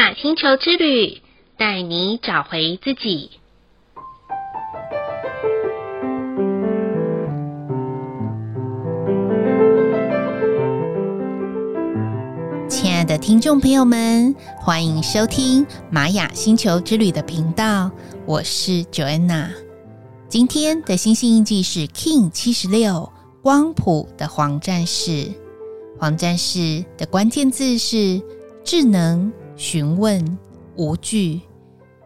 瑪雅星球之旅，帶你找回自己。親愛的聽眾朋友們，歡迎收聽瑪雅星球之旅的頻道，我是 Joanna。今天的星星印記是 Kin 七十六光譜的黃戰士，黃戰士的關鍵字是智能。詢問無懼，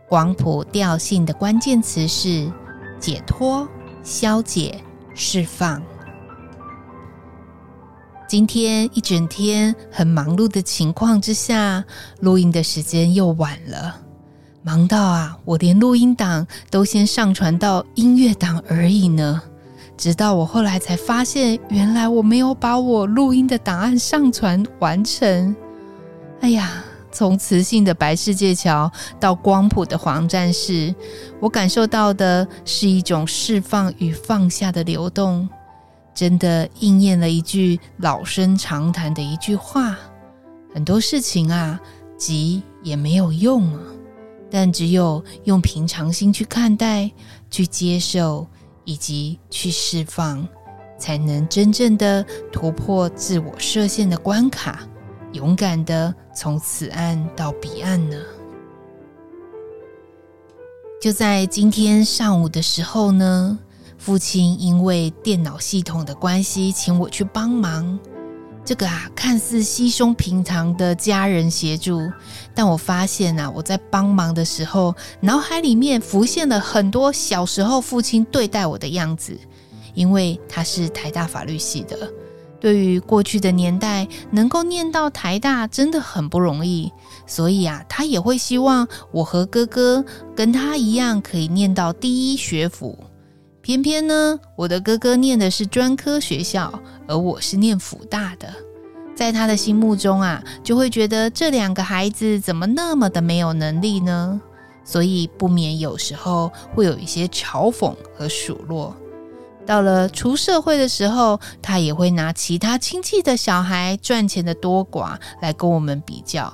光譜調性的關鍵詞是解脫、消解、釋放。今天一整天很忙碌的情況之下，錄音的時間又晚了，忙到啊，我連錄音檔都先上傳到音樂檔而已呢。直到我後來才發現，原來我沒有把我錄音的檔案上傳完成。哎呀！從磁性的白世界橋到光譜的黃戰士，我感受到的是一種釋放與放下的流動，真的應驗了一句老生常談的一句話：很多事情啊，急也沒有用啊。但只有用平常心去看待、去接受以及去釋放，才能真正的突破自我設限的關卡。勇敢的從此岸到彼岸呢？就在今天上午的時候呢，父親因為電腦系統的關係，請我去幫忙。這個啊，看似稀鬆平常的家人協助，但我發現啊，我在幫忙的時候，腦海裡面浮現了很多小時候父親對待我的樣子，因為他是台大法律系的。對於過去的年代，能夠念到台大真的很不容易，所以啊，他也會希望我和哥哥跟他一樣可以念到第一學府。偏偏呢，我的哥哥念的是專科學校，而我是念輔大的，在他的心目中啊，就會覺得這兩個孩子怎麼那麼的沒有能力呢？所以不免有時候會有一些嘲諷和數落。到了出社會的時候，他也會拿其他親戚的小孩賺錢的多寡來跟我們比較。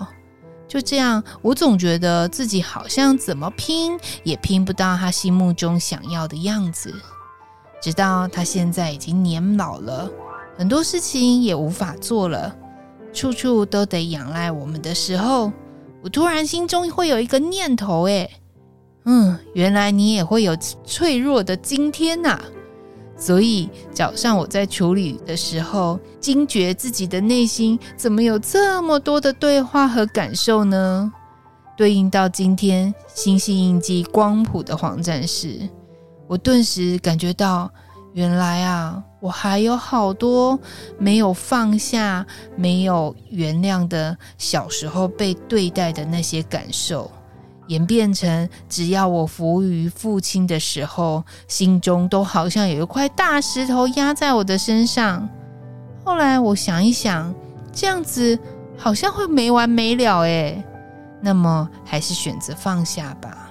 就這樣，我總覺得自己好像怎麼拼也拼不到他心目中想要的樣子。直到他現在已經年老了，很多事情也無法做了，處處都得仰賴我們的時候，我突然心中會有一個念頭：哎，嗯，原來你也會有脆弱的今天吶，啊。所以早上我在處理的時候，驚覺自己的內心怎麼有這麼多的對話和感受呢？對應到今天星系印記光譜的黃戰士，我頓時感覺到，原來啊，我還有好多沒有放下、沒有原諒的小時候被對待的那些感受。演變成，只要我服務於父親的時候，心中都好像有一塊大石頭壓在我的身上。後來我想一想，這樣子好像會沒完沒了哎，那麼還是選擇放下吧。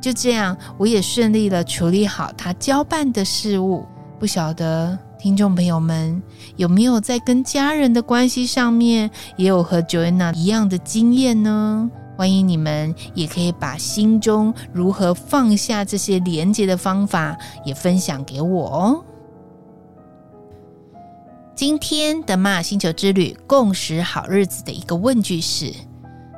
就這樣，我也順利了處理好他交辦的事物。不曉得聽眾朋友們有沒有在跟家人的關係上面，也有和 Joanna 一樣的經驗呢？歡迎你們，也可以把心中如何放下這些連接的方法也分享給我哦。今天的瑪雅星球之旅共時好日子的一個問句是：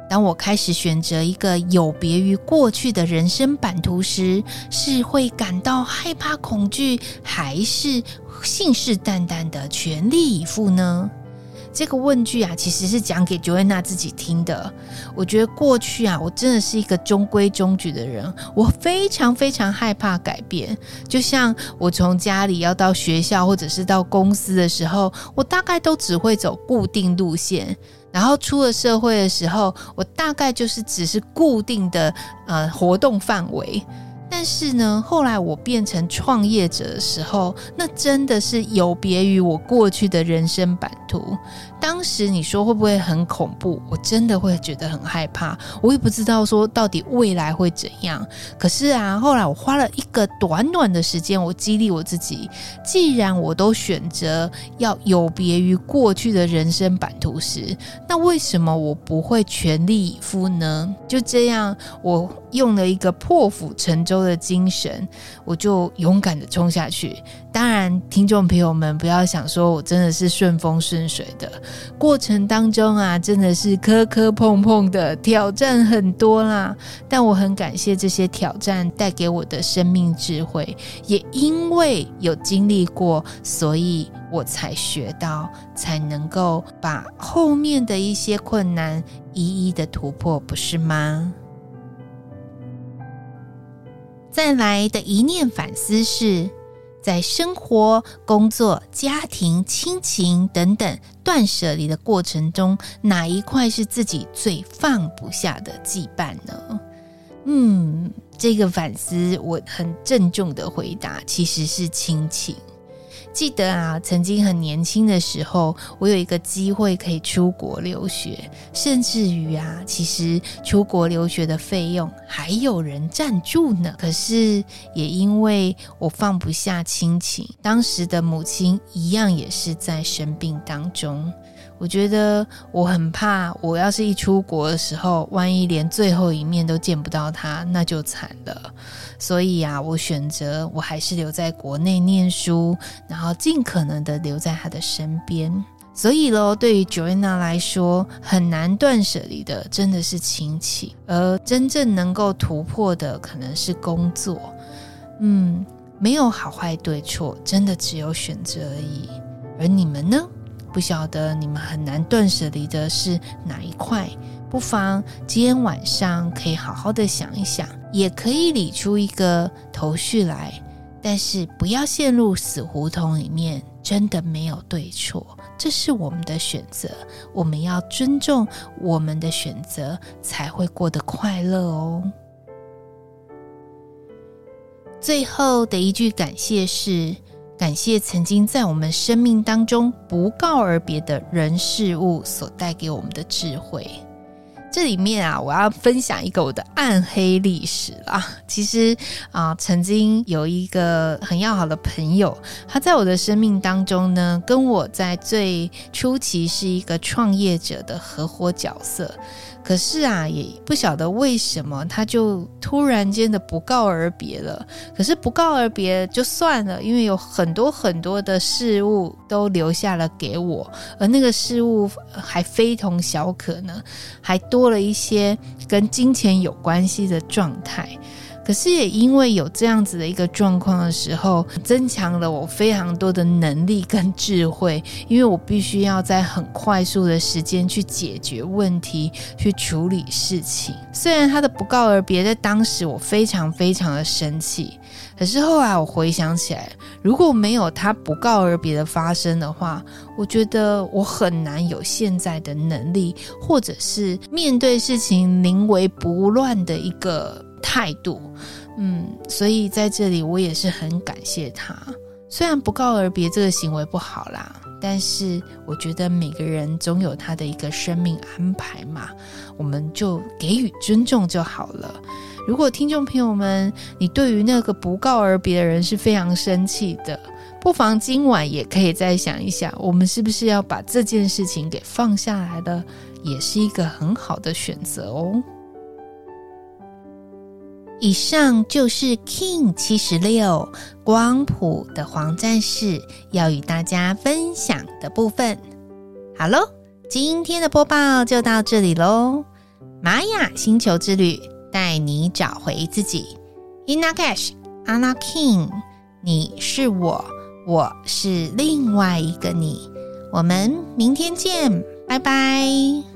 當我開始選擇一個有別於過去的人生版圖時，是會感到害怕恐懼，還是信誓旦旦的全力以赴呢？這個問句啊，其實是講給 Joanna 自己聽的。我覺得過去啊，我真的是一個中規中矩的人，我非常非常害怕改變。就像我從家裡要到學校，或者是到公司的時候，我大概都只會走固定路線。然後出了社會的時候，我大概就是只是固定的呃活動範圍。但是呢，後來我變成創業者的時候，那真的是有別於我過去的人生版圖。當時你說會不會很恐怖？我真的會覺得很害怕，我也不知道說到底未來會怎樣。可是啊，後來我花了一個短短的時間，我激勵我自己：既然我都選擇要有別於過去的人生版圖時，那為什麼我不會全力以赴呢？就這樣，我用了一個破釜沉舟的精神，我就勇敢的衝下去。當然，聽眾朋友們不要想說我真的是順風順水的，過程當中啊，真的是磕磕碰碰的，挑戰很多啦。但我很感謝這些挑戰帶給我的生命智慧，也因為有經歷過，所以我才學到，才能夠把後面的一些困難一一的突破，不是嗎？再來的一念反思是，在生活、工作、家庭、親情等等斷捨離的過程中，哪一塊是自己最放不下的羈絆呢？嗯，這個反思我很鄭重的回答，其實是親情。記得啊，曾經很年輕的時候，我有一個機會可以出國留學，甚至於啊，其實出國留學的費用還有人贊助呢。可是也因為我放不下親情，當時的母親一樣也是在生病當中。我覺得我很怕，我要是一出國的時候，萬一連最後一面都見不到他，那就慘了。所以啊，我選擇我還是留在國內念書，然後盡可能的留在他的身邊。所以嘍，對於 Joanna 來說，很難斷捨離的真的是親戚，而真正能夠突破的可能是工作。嗯，沒有好壞對錯，真的只有選擇而已。而你們呢？不曉得你們很難斷捨離的是哪一塊，不妨今天晚上可以好好的想一想，也可以理出一個頭緒來。但是不要陷入死胡同裡面，真的沒有對錯，這是我們的選擇，我們要尊重我們的選擇，才會過得快樂哦。最後的一句感謝是：感謝曾經在我們生命當中不告而別的人事物所帶給我們的智慧。這裡面啊，我要分享一個我的暗黑歷史啦。其實啊，呃，曾經有一個很要好的朋友，他在我的生命當中呢，跟我在最初期是一個創業者的合夥角色。可是啊，也不曉得為什麼，他就突然間的不告而別了。可是不告而別就算了，因為有很多很多的事物都留下了給我，而那個事物還非同小可呢，還多了一些跟金錢有關係的狀態。可是也因為有這樣子的一個狀況的時候，增強了我非常多的能力跟智慧。因為我必須要在很快速的時間去解決問題，去處理事情。雖然他的不告而別在當時我非常非常的生氣，可是後來我回想起來，如果沒有他不告而別的發生的話，我覺得我很難有現在的能力，或者是面對事情臨危不亂的一個。態度，嗯，所以在這裡我也是很感謝他。雖然不告而別這個行為不好啦，但是我覺得每個人總有他的一個生命安排嘛，我們就給予尊重就好了。如果聽眾朋友們，你對於那個不告而別的人是非常生氣的，不妨今晚也可以再想一想，我們是不是要把這件事情給放下來了，也是一個很好的選擇哦。以上就是 Kin 七十六光譜的黃戰士要與大家分享的部分。好嘍，今天的播報就到這裡嘍。瑪雅星球之旅帶你找回自己，Inakash 阿拉 Kin，你是我，我是另外一個你。我們明天見，拜拜。